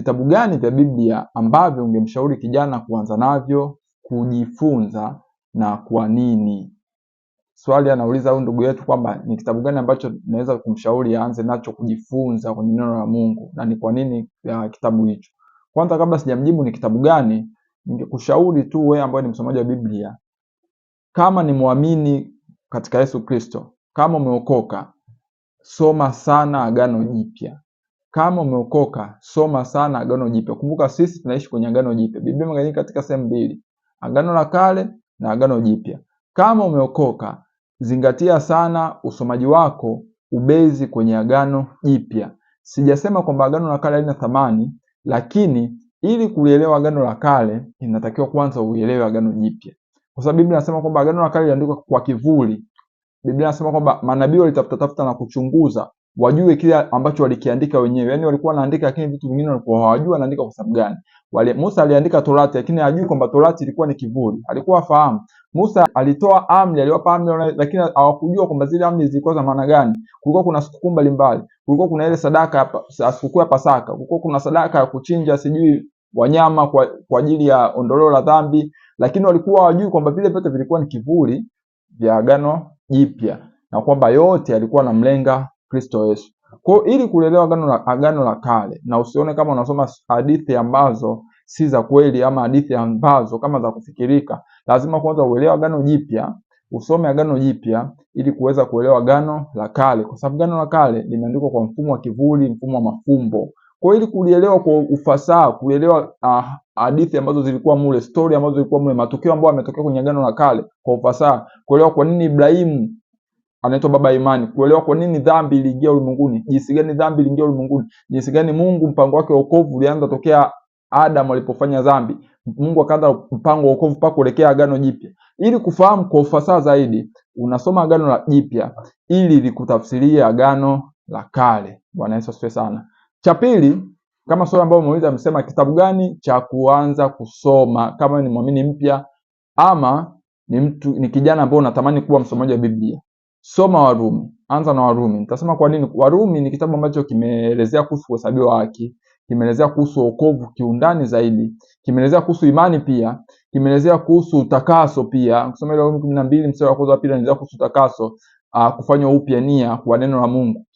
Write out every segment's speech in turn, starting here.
vitabu gani vya Biblia ambavyo ungemshauri kijana kuanza navyo kujifunza na kwa nini? Swali anauliza huyu ndugu yetu kwamba ni kitabu gani ambacho naweza kumshauri aanze nacho kujifunza kwenye neno la Mungu na ni kwa nini ya kitabu hicho. Kwanza kabla sijamjibu ni kitabu gani, ningekushauri tu wewe ambaye ni msomaji wa Biblia, kama ni mwamini katika Yesu Kristo, kama umeokoka, soma sana Agano Jipya. Kama umeokoka, soma sana Agano Jipya. Kumbuka sisi tunaishi kwenye Agano Jipya. Biblia imegawanyika katika sehemu mbili, Agano la Kale na Agano Jipya. Kama umeokoka, zingatia sana usomaji wako ubezi kwenye Agano Jipya. Sijasema kwamba Agano la Kale halina thamani, lakini ili kulielewa Agano la Kale inatakiwa kwanza uelewe Agano Jipya, kwa sababu Biblia inasema kwamba Agano la Kale liliandikwa kwa kivuli. Biblia inasema kwamba manabii walitafuta tafuta na kuchunguza wajue kile ambacho walikiandika wenyewe. Yani walikuwa wanaandika, lakini vitu vingine walikuwa hawajui wanaandika kwa sababu gani. Wale Musa aliandika Torati, lakini hajui kwamba Torati ilikuwa ni kivuli, alikuwa afahamu. Musa alitoa amri, aliwapa amri, lakini hawakujua kwamba zile amri zilikuwa za maana gani. Kulikuwa kuna sikukuu mbalimbali, kulikuwa kuna ile sadaka ya sikukuu ya Pasaka, kulikuwa kuna sadaka ya kuchinja sijui wanyama kwa, kwa ajili ya ondoleo la dhambi, lakini walikuwa hawajui kwamba vile vyote vilikuwa ni kivuli vya agano jipya na kwamba yote alikuwa anamlenga Kristo Yesu. Kwa hiyo ili kuelewa agano la, agano la kale na usione kama unasoma hadithi ambazo si za kweli ama hadithi ambazo kama za kufikirika, lazima kwanza uelewe agano jipya, usome agano jipya ili kuweza kuelewa agano la kale, kwa sababu agano la kale limeandikwa kwa mfumo wa kivuli, mfumo wa mafumbo. Kwa hiyo ili kulielewa kwa ufasaha, kulielewa ah, hadithi uh, ambazo zilikuwa mule, story ambazo zilikuwa mule, matukio ambayo yametokea kwenye agano la kale kwa ufasaha, kuelewa kwa nini Ibrahimu anaitwa baba imani, kuelewa kwa nini dhambi iliingia ulimwenguni, jinsi gani dhambi iliingia ulimwenguni, jinsi gani Mungu mpango wake wa wokovu ulianza tokea Adam alipofanya dhambi, Mungu akaanza mpango wa wokovu mpaka kuelekea Agano Jipya. Ili kufahamu kwa ufasaha zaidi, unasoma Agano la Jipya ili likutafsiria Agano la Kale. Bwana Yesu asifiwe sana. Cha pili, kama swali ambalo umeuliza, amesema kitabu gani cha kuanza kusoma kama ni mwamini mpya ama ni mtu ni kijana ambaye unatamani kuwa msomaji wa Biblia soma Warumi, anza na Warumi. Nitasema kwa nini. Warumi ni kitabu ambacho kimeelezea kuhusu kuhesabiwa haki, kimeelezea kuhusu wokovu kiundani zaidi, kimeelezea kuhusu imani pia, kimeelezea kuhusu utakaso pia. Kusoma ile Warumi 12 mstari wa kwanza pia inaelezea kuhusu utakaso, uh, ah, kufanywa upya nia kwa neno la Mungu.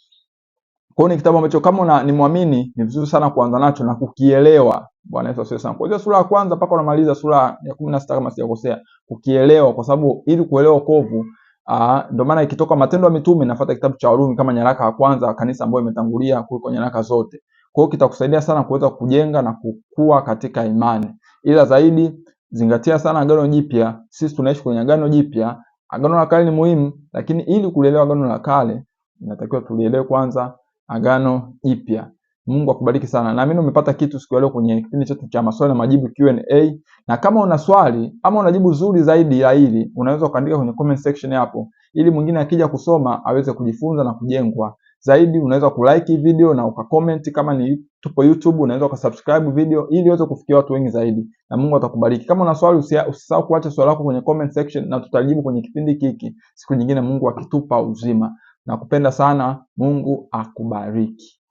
Kwa hiyo ni kitabu ambacho kama una, ni mwamini ni vizuri sana kuanza nacho na kukielewa. Bwana Yesu asifiwe sana. Kuanzia sura ya kwanza mpaka unamaliza sura ya 16 kama sijakosea, kukielewa kwa sababu ili kuelewa wokovu Ah, ndio maana ikitoka Matendo ya Mitume nafuata kitabu cha Warumi kama nyaraka ya kwanza kanisa ambayo imetangulia kuliko nyaraka zote. Kwa hiyo kitakusaidia sana kuweza kujenga na kukua katika imani. Ila zaidi zingatia sana Agano Jipya. Sisi tunaishi kwenye Agano Jipya. Agano la Kale ni muhimu, lakini ili kulielewa Agano la Kale inatakiwa tulielewe kwanza Agano Jipya. Mungu akubariki sana. Naamini umepata kitu siku ya leo kwenye kipindi chetu cha maswali na majibu Q&A. Na kama una swali ama una jibu zuri zaidi ya hili, unaweza ukaandika kwenye comment section hapo ili mwingine akija kusoma aweze kujifunza na kujengwa zaidi. Unaweza kulike video na ukacomment. Kama ni tupo YouTube, unaweza ukasubscribe video ili iweze kufikia watu wengi zaidi, na Mungu atakubariki. Kama una swali, usisahau kuacha swali lako kwenye comment section na tutajibu kwenye kipindi hiki siku nyingine, Mungu akitupa uzima. Nakupenda sana, Mungu akubariki.